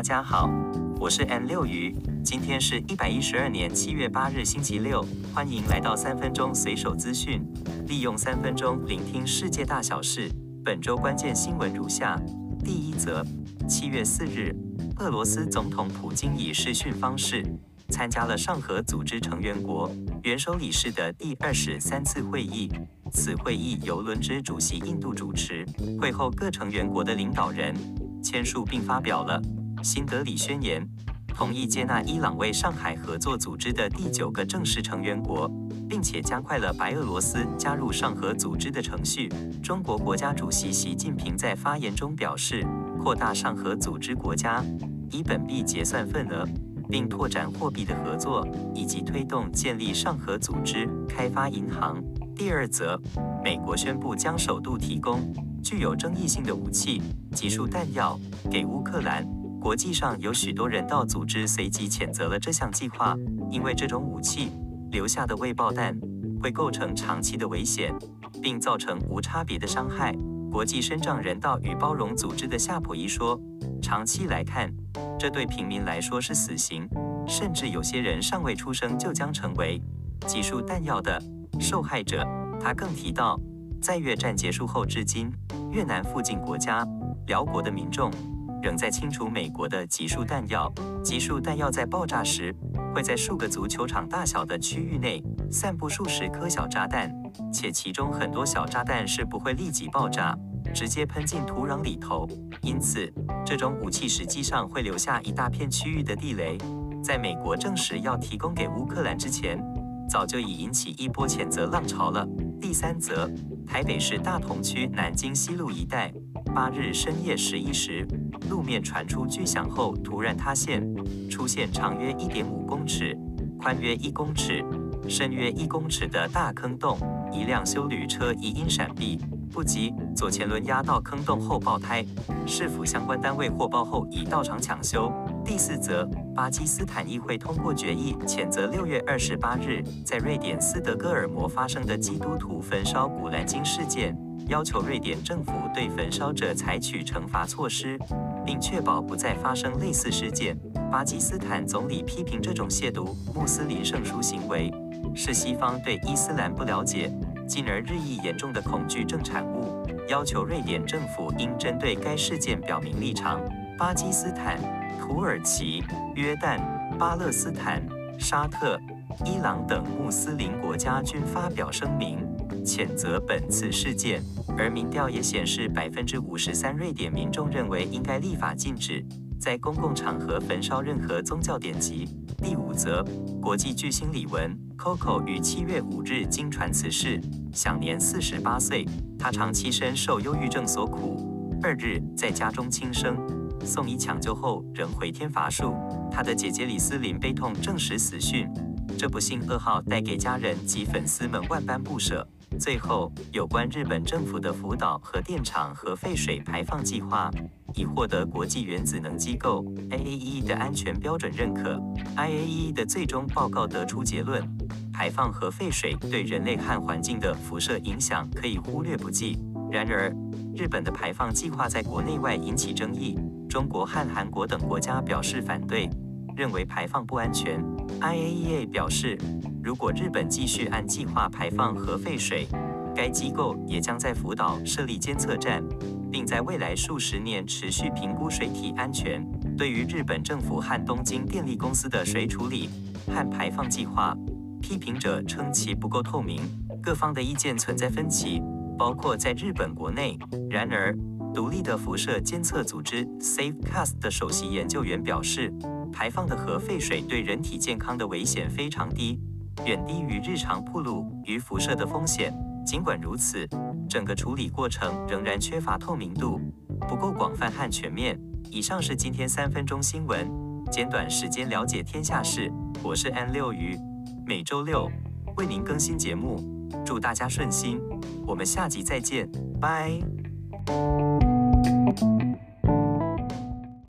大家好，我是 M 六魚，今天是一百一十二年七月八日星期六，歡迎來到三分鐘隨手資訊，利用三分鐘聆聽世界大小事。本周關鍵新聞如下：第一則，七月四日，俄羅斯總統普京以視訊方式參加了上合組織成員國元首理事的第二十三次會議，此會議由輪值主席印度主持，會後各成員國的領導人簽署並發表了新德里宣言，同意接納伊朗為上海合作組織的第九個正式成員國，並且加快了白俄羅斯加入上合組織的程序。中國國家主席習近平在發言中表示：“擴大上合組織國家以本幣結算份額，並拓展貨幣的合作，以及推動建立上合組織開發銀行。”第二則，美國宣布將首度提供具有爭議性的武器、集束彈藥給烏克蘭。國際上有許多人道組織隨即譴責了這項計劃，因為這種武器留下的未爆彈會構成長期的危險，並造成無差別的傷害。國際身障人道與包容組織的夏普一說：“長期來看，這對平民來說是死刑，甚至有些人尚未出生就將成為集束彈藥的受害者。”他更提到，在越戰結束後至今，越南附近國家、寮國的民眾。仍在清除美國的集束彈藥，集束彈藥在爆炸時會在數個足球場大小的區域內散布數十顆小炸彈，且其中很多小炸彈是不會立即爆炸，直接噴進土壤裡頭。因此，這種武器實際上會留下一大片區域的地雷。在美國證實要提供給烏克蘭之前，早就已引起一波譴責浪潮了。第三則，台北市大同區南京西路一帶，八日深夜十一時，路面傳出巨響後突然塌陷，出現長約一點五公尺、寬約一公尺、深約一公尺的大坑洞。一輛休旅車疑因閃避不及，左前輪壓到坑洞後爆胎。市府相關單位獲報後已到場搶修。第四則，巴基斯坦議會通過決議前則6，譴責六月二十八日在瑞典斯德哥爾摩發生的基督徒焚燒古蘭經事件。要求瑞典政府對焚燒者採取懲罰措施，並確保不再發生類似事件。巴基斯坦總理批評這種褻瀆穆斯林聖書行為，是西方對伊斯蘭不了解，進而日益嚴重的恐懼症產物。要求瑞典政府應針對該事件表明立場。巴基斯坦、土耳其、約旦、巴勒斯坦、沙特、伊朗等穆斯林國家均發表聲明，譴責本次事件，而民調也顯示，百分之五十三瑞典民眾認為應該立法禁止在公共場合焚燒任何宗教典籍。第五則，國際巨星李玟 Coco 於七月五日驚傳此事，享年四十八歲。他長期深受憂鬱症所苦，二日，在家中輕生，送醫搶救後仍回天乏術。他的姐姐李斯琳悲痛證實死訊，這不幸噩耗帶給家人及粉絲們萬般不舍。最後，有關日本政府的福島核電廠核廢水排放計劃，已獲得國際原子能機構 （IAEA） 的安全標準認可。IAEA 的最終報告得出結論，排放核廢水對人類和環境的輻射影響可以忽略不計。然而，日本的排放計劃在國內外引起爭議，中國和韓國等國家表示反對，認為排放不安全。I A E A 表示，如果日本繼續按計劃排放核廢水，該機構也將在福島設立監測站，並在未來數十年持續評估水體安全。對於日本政府和東京電力公司的水處理和排放計劃，批評者稱其不夠透明，各方的意見存在分歧，包括在日本國內。然而，獨立的輻射監測組織 Safecast 的首席研究員表示。排放的核廢水對人體健康的危險非常低，遠低於日常暴露於輻射的風險。儘管如此，整個處理過程仍然缺乏透明度，不夠廣泛和全面。以上是今天三分鐘新聞，簡短時間了解天下事。我是 N 六魚，每周六為您更新節目，祝大家順心。我們下集再見，拜。